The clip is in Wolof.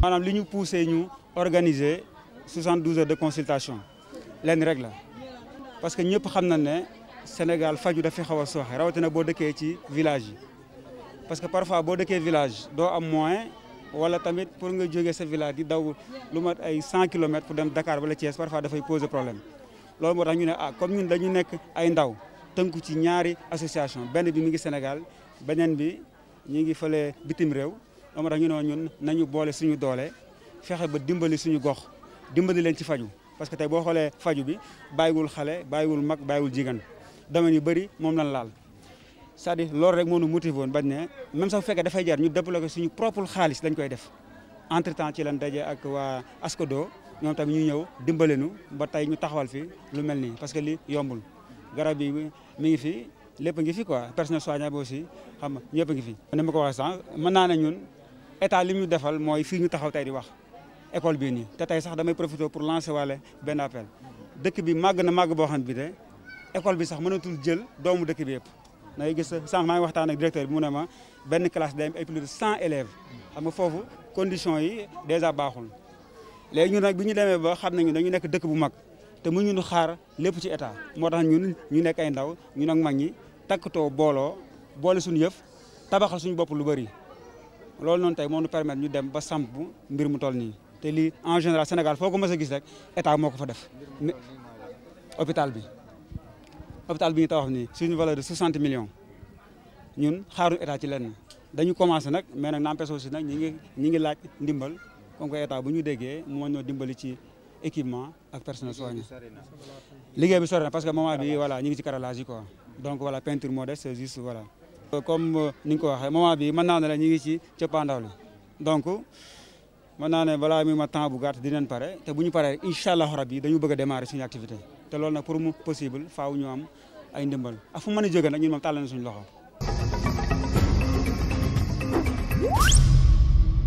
maanaam li ñu poussé ñu organiser 72 heures de consultation lenn rek la parce que ñëpp xam na ne Sénégal faju dafay xaw a sooxe rawatina boo dëkkee ci village yi parce que parfois boo dëkkee village doo am moyen wala tamit pour nga jógee sa village di daw lu mat ay 100 kilomètres pour dem Dakar wala Thiès parfois dafay poser problème loolu moo tax ñu ne ah comme ñun nekk ay ndaw tënku ci ñaari association benn bi mu ngi Sénégal beneen bi ñu ngi fële bitim réew moom tax ñu noo ñun nañu boole suñu doole fexe ba dimbali suñu gox dimbali leen ci faju parce que tey boo xoolee faju bi bàyyiwul xale bàyyiwul mag bàyyiwul jigan domaine yu bëri moom lan laal cest à loolu rek moo nu motivé woon bañ ne même sax bu fekkee dafay jar ñu débloqué suñu propre xaalis lañ koy def entre temps ci lan daje ak waa ASCODO ñoom tamit ñu ñëw dimbale nu ba tey ñu taxawal fi lu mel nii parce que li yombul garab yi mi ngi fi lépp ngi fi quoi personnel soignant bi aussi xam ñëpp ngi fi. état li ñu defal mooy fii ñu taxaw tey di wax école bii nii te tey sax damay profité pour lancer waale benn appel dëkk bi màgg na màgg boo xam bi de école bi sax mënatul jël doomu dëkk bi yëpp da gis sànq maa waxtaan ak directeur bi mu ne ma benn classe day am ay plus de cent élèves xam foofu condition yi déjà baaxul léegi ñun nag bi ñu demee ba xam nañu dañu nekk dëkk bu mag te mu ñu xaar lépp ci état moo tax ñun ñu nekk ay ndaw ñu ak mag ñi takkatoo booloo boole suñu yëf tabaxal suñu bopp lu bari loolu noonu tey moo ñu permettre ñu dem ba samp mbir mu toll nii te lii en général Sénégal foo ko mës a gis rek état moo ko fa def. hôpital bi hôpital bi ñu tabax nii suñu valeur de 60 million ñun xaaruñu état ci lenn dañu commencé nag mais nag n'empêche aussi nag ñi ngi ñi ngi laaj ndimbal comme que état bu ñu déggee moo ñoo dimbali ci équipement ak personnel soignant liggéey bi sori na parce que moment bi voilà ñu ngi ci carrelage yi quoi donc voilà peinture comme euh, ni nga ko waxee moment bi mën naa ne la ñu ngi ci cëppaandaw li donc mën naa ne balaa mi ma temps bu gàtt dinañ pare te bu ñu paree incha allah rabi dañu bëgg a démarrer suñu activité te loolu nag pour mu possible faaw ñu am ay ndimbal a ah, fu mën a jóge nag ñu moom tàllal suñ loxo.